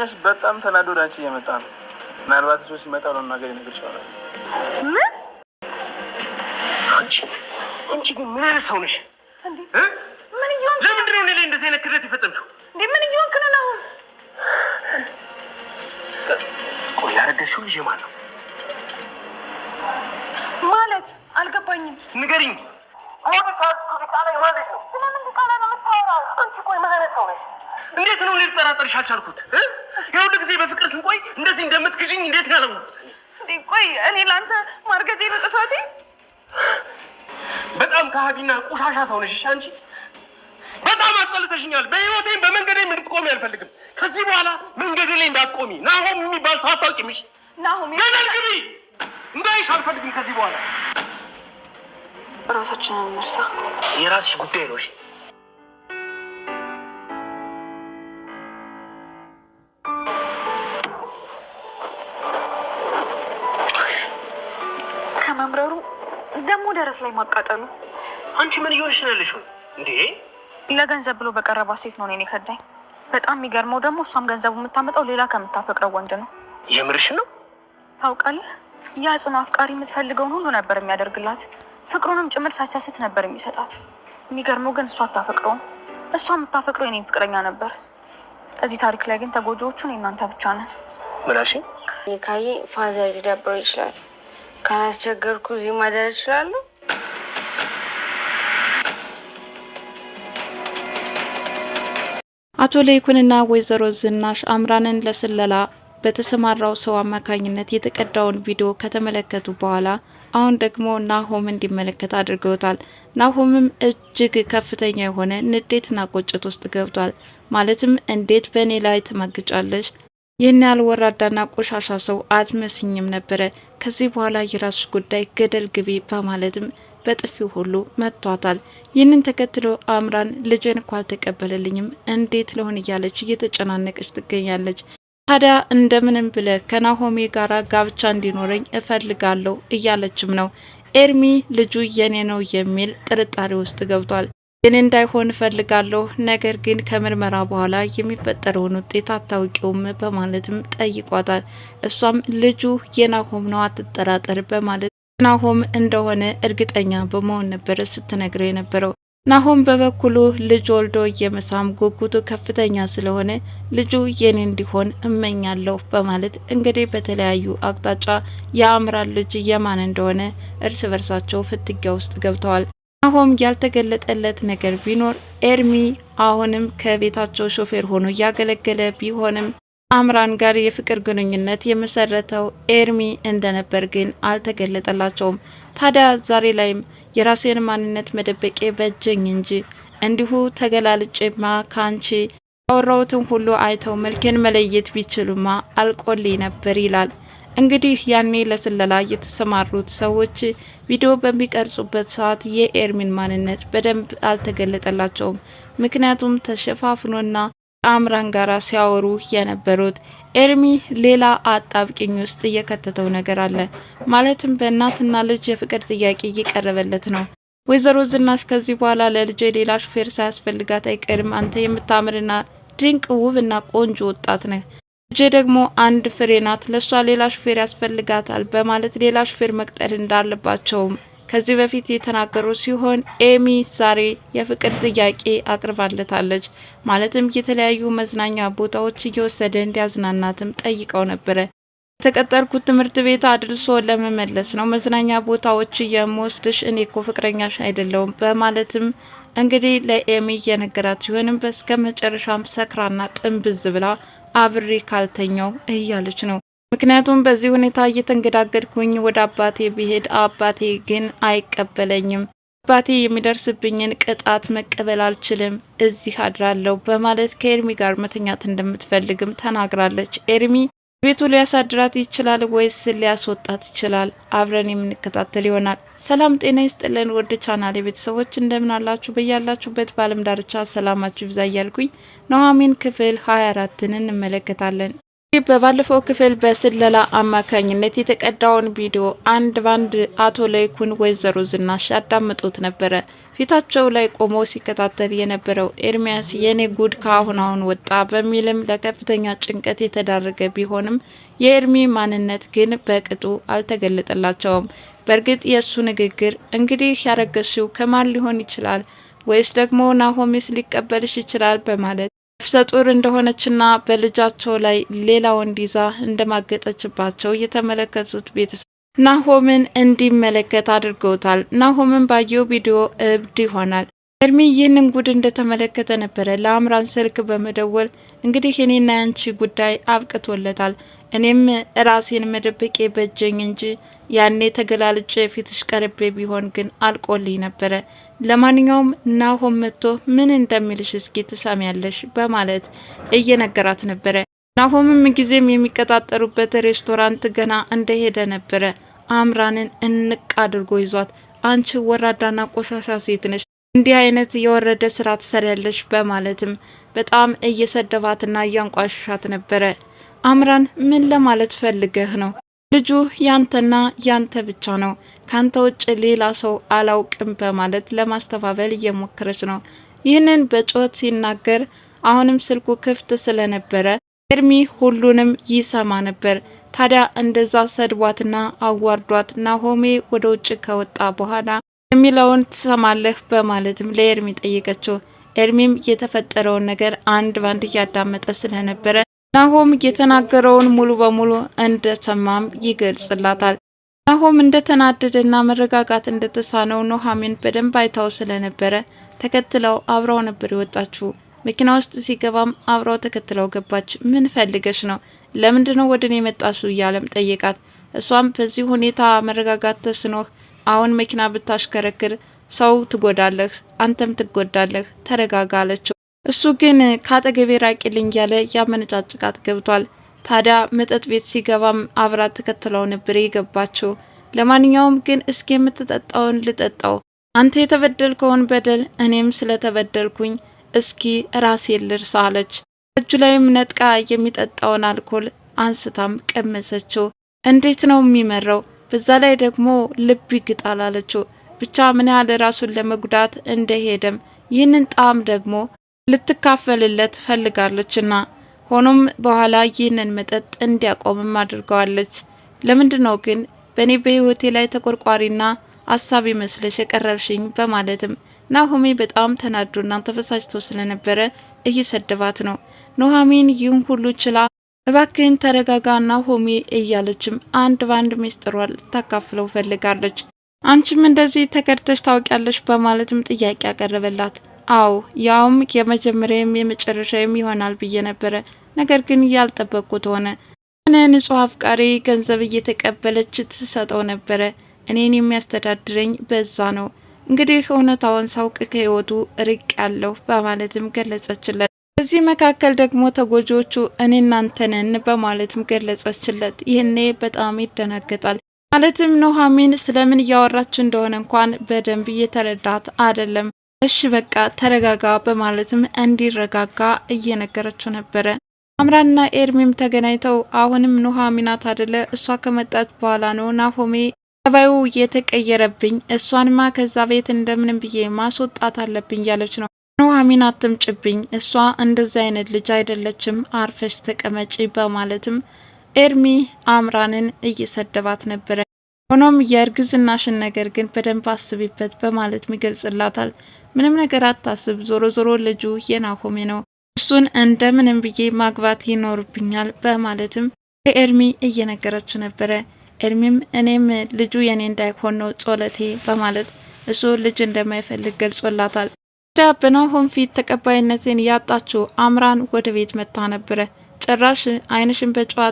ጓደኛሽ በጣም ተናዶ ወደ አንቺ እየመጣ ነው። ምናልባት እሱ ሲመጣ ነው ነገር ይነግር ይችላል። ምን አንቺ አንቺ ግን ምን አይነት ሰው ነሽ? ምን እየሆንክ ለምንድን ነው እኔ ላይ እንደዚህ አይነት ክደት የፈጸምሽው? እንዴ ምን እየሆንክ ነው? አሁን ቆይ ያረገሽው ልጅ ማን ነው ማለት? አልገባኝም። ንገሪኝ ማለት ነው። ነው ቃላ አንቺ ቆይ ምን አይነት ሰው ነሽ? እንዴት ነው ልጠራጠርሽ አልቻልኩት? ለሁሉ ጊዜ በፍቅር ስንቆይ እንደዚህ እንደምትክጅኝ እንዴት ነው ያለሙት? ቆይ እኔ ለአንተ ማርገዜ ነው ጥፋቴ? በጣም ከሀዲና ቁሻሻ ሰው ነሽ አንቺ። በጣም አስጠልተሽኛል። በህይወቴም በመንገዴም እንድትቆሚ አልፈልግም። ከዚህ በኋላ መንገዴ ላይ እንዳትቆሚ። ናሆም የሚባል ሰው አታውቂም። እሺ ናሆም ገደል ግቢ እንዳይሽ አልፈልግም ከዚህ በኋላ። ራሳችንን እንርሳ። የራስሽ ጉዳይ ነው። ተረስ ላይ ማቃጠሉ። አንቺ ምን እየሆንሽ ነው ያለሽው? እንዴ ለገንዘብ ብሎ በቀረባ ሴት ነው እኔ ከዳኝ። በጣም የሚገርመው ደግሞ እሷም ገንዘቡ የምታመጣው ሌላ ከምታፈቅረው ወንድ ነው። የምርሽ ነው? ታውቃለህ፣ ያ ጽኑ አፍቃሪ የምትፈልገውን ሁሉ ነበር የሚያደርግላት። ፍቅሩንም ጭምር ሳሲያስት ነበር የሚሰጣት። የሚገርመው ግን እሷ አታፈቅረውም። እሷ የምታፈቅረው የኔም ፍቅረኛ ነበር። እዚህ ታሪክ ላይ ግን ተጎጂዎቹን እናንተ ብቻ ነን። ምላሽ ካዬ ፋዘር ሊደብረው ይችላል። ካላስቸገርኩ እዚህ ማደር እችላለሁ። አቶ ለይኩንና ወይዘሮ ዝናሽ አምራንን ለስለላ በተሰማራው ሰው አማካኝነት የተቀዳውን ቪዲዮ ከተመለከቱ በኋላ አሁን ደግሞ ናሆም እንዲመለከት አድርገውታል። ናሆምም እጅግ ከፍተኛ የሆነ ንዴትና ቁጭት ውስጥ ገብቷል። ማለትም እንዴት በእኔ ላይ ትማግጫለች ይህን ያህል ወራዳና ቆሻሻ ሰው አትመስኝም ነበረ። ከዚህ በኋላ የራስሽ ጉዳይ ገደል ግቢ በማለትም በጥፊው ሁሉ መጥቷታል። ይህንን ተከትሎ አምራን ልጄን እኳ አልተቀበለልኝም እንዴት ለሆን እያለች እየተጨናነቀች ትገኛለች። ታዲያ እንደምንም ብለ ከናሆሜ ጋር ጋብቻ እንዲኖረኝ እፈልጋለሁ እያለችም ነው። ኤርሚ ልጁ የኔ ነው የሚል ጥርጣሬ ውስጥ ገብቷል። የኔ እንዳይሆን እፈልጋለሁ፣ ነገር ግን ከምርመራ በኋላ የሚፈጠረውን ውጤት አታውቂውም በማለትም ጠይቋታል። እሷም ልጁ የናሆም ነው አትጠራጠር በማለት ናሆም እንደሆነ እርግጠኛ በመሆን ነበር ስትነግረው የነበረው። ናሆም በበኩሉ ልጅ ወልዶ የመሳም ጉጉቱ ከፍተኛ ስለሆነ ልጁ የኔ እንዲሆን እመኛለሁ በማለት እንግዲህ በተለያዩ አቅጣጫ የአምራን ልጅ የማን እንደሆነ እርስ በርሳቸው ፍትጊያ ውስጥ ገብተዋል። ናሆም ያልተገለጠለት ነገር ቢኖር ኤርሚ አሁንም ከቤታቸው ሾፌር ሆኖ እያገለገለ ቢሆንም አምራን ጋር የፍቅር ግንኙነት የመሰረተው ኤርሚ እንደነበር ግን አልተገለጠላቸውም። ታዲያ ዛሬ ላይም የራሴን ማንነት መደበቄ በጀኝ እንጂ እንዲሁ ተገላልጬማ ካንቺ ያወራሁትን ሁሉ አይተው መልኬን መለየት ቢችሉማ አልቆልኝ ነበር ይላል። እንግዲህ ያኔ ለስለላ የተሰማሩት ሰዎች ቪዲዮ በሚቀርጹበት ሰዓት የኤርሚን ማንነት በደንብ አልተገለጠላቸውም። ምክንያቱም ተሸፋፍኖና አምራን ጋር ሲያወሩ የነበሩት ኤርሚ ሌላ አጣብቂኝ ውስጥ እየከተተው ነገር አለ። ማለትም በእናትና ልጅ የፍቅር ጥያቄ እየቀረበለት ነው። ወይዘሮ ዝናሽ ከዚህ በኋላ ለልጄ ሌላ ሹፌር ሳያስፈልጋት አይቀርም፣ አንተ የምታምርና ድንቅ ውብና ቆንጆ ወጣት ነህ፣ ልጄ ደግሞ አንድ ፍሬ ናት፣ ለእሷ ሌላ ሹፌር ያስፈልጋታል በማለት ሌላ ሹፌር መቅጠር እንዳለባቸውም ከዚህ በፊት የተናገሩ ሲሆን ኤሚ ዛሬ የፍቅር ጥያቄ አቅርባለታለች። ማለትም የተለያዩ መዝናኛ ቦታዎች እየወሰደ እንዲያዝናናትም ጠይቀው ነበረ። የተቀጠርኩት ትምህርት ቤት አድርሶ ለመመለስ ነው። መዝናኛ ቦታዎች የምወስድሽ እኔ እኮ ፍቅረኛሽ አይደለውም በማለትም እንግዲህ ለኤሚ እየነገራት ሲሆንም በስከ መጨረሻም ሰክራና ጥንብዝ ብላ አብሬ ካልተኛው እያለች ነው። ምክንያቱም በዚህ ሁኔታ እየተንገዳገድኩኝ ወደ አባቴ ብሄድ አባቴ ግን አይቀበለኝም። አባቴ የሚደርስብኝን ቅጣት መቀበል አልችልም፣ እዚህ አድራለሁ በማለት ከኤርሚ ጋር መተኛት እንደምትፈልግም ተናግራለች። ኤርሚ ቤቱ ሊያሳድራት ይችላል ወይስ ሊያስወጣት ይችላል? አብረን የምንከታተል ይሆናል። ሰላም ጤና ይስጥልን ወደ ቻናል ቤተሰቦች እንደምን አላችሁ? በያላችሁበት በዓለም ዳርቻ ሰላማችሁ ይብዛ እያልኩኝ ኑሐሚን ክፍል 24ን እንመለከታለን። በባለፈው ክፍል በስለላ አማካኝነት የተቀዳውን ቪዲዮ አንድ ባንድ አቶ ለይኩን ወይዘሮ ዝናሽ አዳምጦት ነበረ። ፊታቸው ላይ ቆሞ ሲከታተል የነበረው ኤርሚያስ የኔ ጉድ ከአሁን አሁን ወጣ በሚልም ለከፍተኛ ጭንቀት የተዳረገ ቢሆንም የኤርሚ ማንነት ግን በቅጡ አልተገለጠላቸውም። በእርግጥ የእሱ ንግግር እንግዲህ ያረገሽው ከማን ሊሆን ይችላል ወይስ ደግሞ ናሆሚስ ሊቀበልሽ ይችላል በማለት ነፍሰ ጡር እንደሆነችና በልጃቸው ላይ ሌላ ወንድ ይዛ እንደማገጠችባቸው የተመለከቱት ቤተሰብ ናሆምን እንዲመለከት አድርገውታል። ናሆምን ባየው ቪዲዮ እብድ ይሆናል። ኤርሚ ይህንን ጉድ እንደተመለከተ ነበረ ለአምራን ስልክ በመደወል እንግዲህ እኔና ያንቺ ጉዳይ አብቅቶለታል፣ እኔም ራሴን መደበቄ በጀኝ እንጂ ያኔ ተገላልጬ ፊትሽ ቀርቤ ቢሆን ግን አልቆልኝ ነበረ። ለማንኛውም ናሆም መጥቶ ምን እንደሚልሽ እስኪ ትሰሚያለሽ በማለት እየነገራት ነበረ። ናሆምም ጊዜም የሚቀጣጠሩበት ሬስቶራንት ገና እንደሄደ ነበረ አምራንን እንቅ አድርጎ ይዟት፣ አንቺ ወራዳና ቆሻሻ ሴት ነሽ እንዲህ አይነት የወረደ ስራ ትሰሪያለሽ በማለትም በጣም እየሰደባትና እያንቋሽሻት ነበረ። አምራን ምን ለማለት ፈልገህ ነው ልጁ ያንተና ያንተ ብቻ ነው፣ ካንተ ውጭ ሌላ ሰው አላውቅም በማለት ለማስተባበል እየሞከረች ነው። ይህንን በጩኸት ሲናገር አሁንም ስልኩ ክፍት ስለነበረ ኤርሚ ሁሉንም ይሰማ ነበር። ታዲያ እንደዛ ሰድቧትና አዋርዷት ናሆሜ ወደ ውጭ ከወጣ በኋላ የሚለውን ትሰማለህ በማለትም ለኤርሚ ጠየቀችው። ኤርሚም የተፈጠረውን ነገር አንድ ባንድ እያዳመጠ ስለነበረ ናሆም የተናገረውን ሙሉ በሙሉ እንደሰማም ይገልጽላታል። ናሆም እንደተናደደና መረጋጋት እንደተሳነው ኑሐሚን በደንብ አይታው ስለነበረ ተከትለው አብረው ነበር የወጣችሁ። መኪና ውስጥ ሲገባም አብረው ተከትለው ገባች። ምን ፈልገሽ ነው? ለምንድን ነው ወደ እኔ የመጣሱ? እያለም ጠየቃት። እሷም በዚህ ሁኔታ መረጋጋት ተስኖህ አሁን መኪና ብታሽከረክር ሰው ትጎዳለህ፣ አንተም ትጎዳለህ፣ ተረጋጋ አለችው። እሱ ግን ከአጠገቤ ራቂልኝ እያለ ያመነጫጭቃት ገብቷል። ታዲያ መጠጥ ቤት ሲገባም አብራት ተከትለው ነበር የገባችው። ለማንኛውም ግን እስኪ የምትጠጣውን ልጠጣው፣ አንተ የተበደልከውን በደል እኔም ስለተበደልኩኝ እስኪ ራሴ ልርሳ አለች። እጁ ላይም ነጥቃ የሚጠጣውን አልኮል አንስታም ቀመሰችው። እንዴት ነው የሚመራው! በዛ ላይ ደግሞ ልብ ይግጣል አለችው። ብቻ ምን ያህል ራሱን ለመጉዳት እንደሄደም ይህንን ጣዕም ደግሞ ልትካፈልለት ፈልጋለችና። ሆኖም በኋላ ይህንን መጠጥ እንዲያቆምም አድርገዋለች። ለምንድን ነው ግን በእኔ በህይወቴ ላይ ተቆርቋሪና አሳቢ መስለሽ የቀረብሽኝ? በማለትም ናሆሜ በጣም ተናዶና ተበሳጭቶ ስለነበረ እየሰደባት ነው። ኑሐሚን ይህን ሁሉ ችላ እባክህን ተረጋጋ ናሆሜ እያለችም አንድ በአንድ ሚስጥሯ ልታካፍለው ፈልጋለች። አንቺም እንደዚህ ተከድተሽ ታውቂያለሽ? በማለትም ጥያቄ ያቀረበላት አዎ ያውም የመጀመሪያም የመጨረሻም ይሆናል ብዬ ነበረ። ነገር ግን ያልጠበቅኩት ሆነ። እኔ ንጹህ አፍቃሪ ገንዘብ እየተቀበለች ትሰጠው ነበረ። እኔን የሚያስተዳድረኝ በዛ ነው። እንግዲህ እውነታውን ሳውቅ ከህይወቱ ርቅ ያለሁ በማለትም ገለጸችለት። በዚህ መካከል ደግሞ ተጎጂዎቹ እኔ እናንተንን በማለትም ገለጸችለት። ይህኔ በጣም ይደናገጣል። ማለትም ኑሐሚን ስለምን እያወራች እንደሆነ እንኳን በደንብ እየተረዳት አይደለም። እሺ በቃ ተረጋጋ በማለትም እንዲረጋጋ እየነገረችው ነበረ። አምራና ኤርሚም ተገናኝተው አሁንም ኑሃ ሚናት አደለ እሷ ከመጣች በኋላ ነው ናሆሜ ጠባዩ የተቀየረብኝ፣ እሷንማ ከዛ ቤት እንደምንም ብዬ ማስወጣት አለብኝ ያለች ነው። ሚናትም ጭብኝ እሷ እንደዚ አይነት ልጅ አይደለችም፣ አርፈሽ ተቀመጪ በማለትም ኤርሚ አምራንን እየሰደባት ነበረ። ሆኖም የእርግዝናሽን ነገር ግን በደንብ አስቢበት በማለት ይገልጽላታል። ምንም ነገር አታስብ፣ ዞሮ ዞሮ ልጁ የናሆሜ ነው፣ እሱን እንደምንም ብዬ ማግባት ይኖርብኛል በማለትም ለኤርሚ እየነገረች ነበረ። ኤርሚም እኔም ልጁ የኔ እንዳይሆን ነው ጸሎቴ በማለት እሱ ልጅ እንደማይፈልግ ገልጾላታል። ዳ በናሆም ፊት ተቀባይነትን ያጣችው አምራን ወደ ቤት መታ ነበረ። ጭራሽ አይንሽን በጨው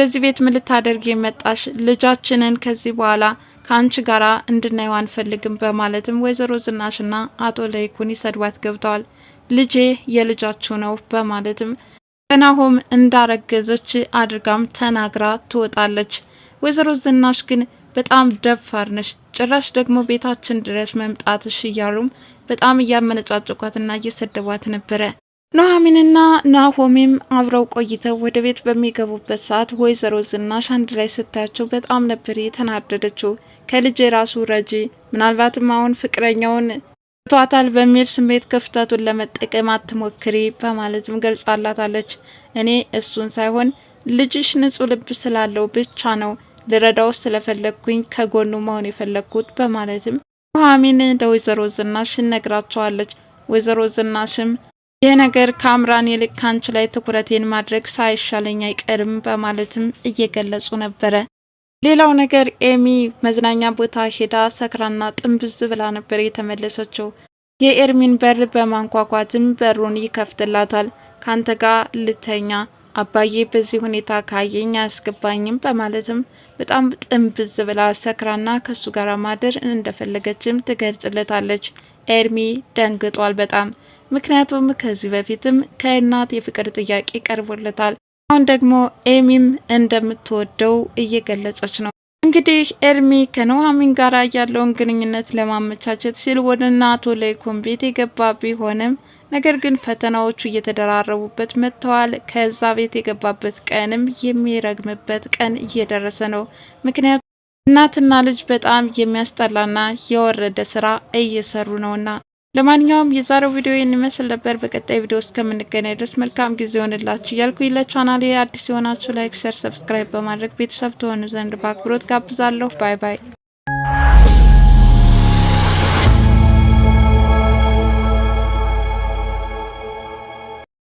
በዚህ ቤት ምን ልታደርግ የመጣሽ? ልጃችንን ከዚህ በኋላ ከአንቺ ጋራ እንድናየው አንፈልግም በማለትም ወይዘሮ ዝናሽና አቶ ለይኩን ይሰድባት ገብተዋል። ልጄ የልጃችሁ ነው በማለትም ከናሆም እንዳረገዘች አድርጋም ተናግራ ትወጣለች። ወይዘሮ ዝናሽ ግን በጣም ደፋር ነሽ፣ ጭራሽ ደግሞ ቤታችን ድረስ መምጣትሽ እያሉም በጣም እያመነጫጭኳትና እየሰደቧት ነበረ። ኑሐሚንና ናሆሚም አብረው ቆይተው ወደ ቤት በሚገቡበት ሰዓት ወይዘሮ ዝናሽ አንድ ላይ ስታያቸው በጣም ነበር የተናደደችው። ከልጅ የራሱ ረጂ ምናልባትም አሁን ፍቅረኛውን ቷታል በሚል ስሜት ክፍተቱን ለመጠቀም አትሞክሪ በማለትም ገልጻላታለች። እኔ እሱን ሳይሆን ልጅሽ ንጹሕ ልብ ስላለው ብቻ ነው ልረዳው ስለፈለግኩኝ ከጎኑ መሆን የፈለግኩት በማለትም ኑሐሚን ለወይዘሮ ዝናሽ ነግራቸዋለች። ወይዘሮ ዝናሽም ይህ ነገር ከአምራን ይልቅ ካንች ላይ ትኩረቴን ማድረግ ሳይሻለኝ አይቀርም በማለትም እየገለጹ ነበረ። ሌላው ነገር ኤሚ መዝናኛ ቦታ ሄዳ ሰክራና ጥንብዝ ብላ ነበር የተመለሰችው። የኤርሚን በር በማንኳኳትም በሩን ይከፍትላታል። ካንተ ጋር ልተኛ አባዬ በዚህ ሁኔታ ካየኝ አያስገባኝም በማለትም በጣም ጥንብዝ ብላ ሰክራና ከሱ ጋር ማደር እንደፈለገችም ትገልጽለታለች። ኤርሚ ደንግጧል በጣም ምክንያቱም ከዚህ በፊትም ከእናት የፍቅር ጥያቄ ቀርቦለታል። አሁን ደግሞ ኤሚም እንደምትወደው እየገለጸች ነው። እንግዲህ ኤርሚ ከኑሐሚን ጋር ያለውን ግንኙነት ለማመቻቸት ሲል ወደ እነ ለይኩን ቤት የገባ ቢሆንም ነገር ግን ፈተናዎቹ እየተደራረቡበት መጥተዋል። ከዛ ቤት የገባበት ቀንም የሚረግምበት ቀን እየደረሰ ነው። ምክንያቱም እናትና ልጅ በጣም የሚያስጠላና የወረደ ስራ እየሰሩ ነውና ለማንኛውም የዛሬው ቪዲዮ የሚመስል ነበር። በቀጣይ ቪዲዮ እስከምንገናኝ ድረስ መልካም ጊዜ ሆንላችሁ እያልኩ ለቻናሌ አዲስ የሆናችሁ ላይክ፣ ሸር፣ ሰብስክራይብ በማድረግ ቤተሰብ ትሆኑ ዘንድ በአክብሮት ጋብዛለሁ። ባይ ባይ።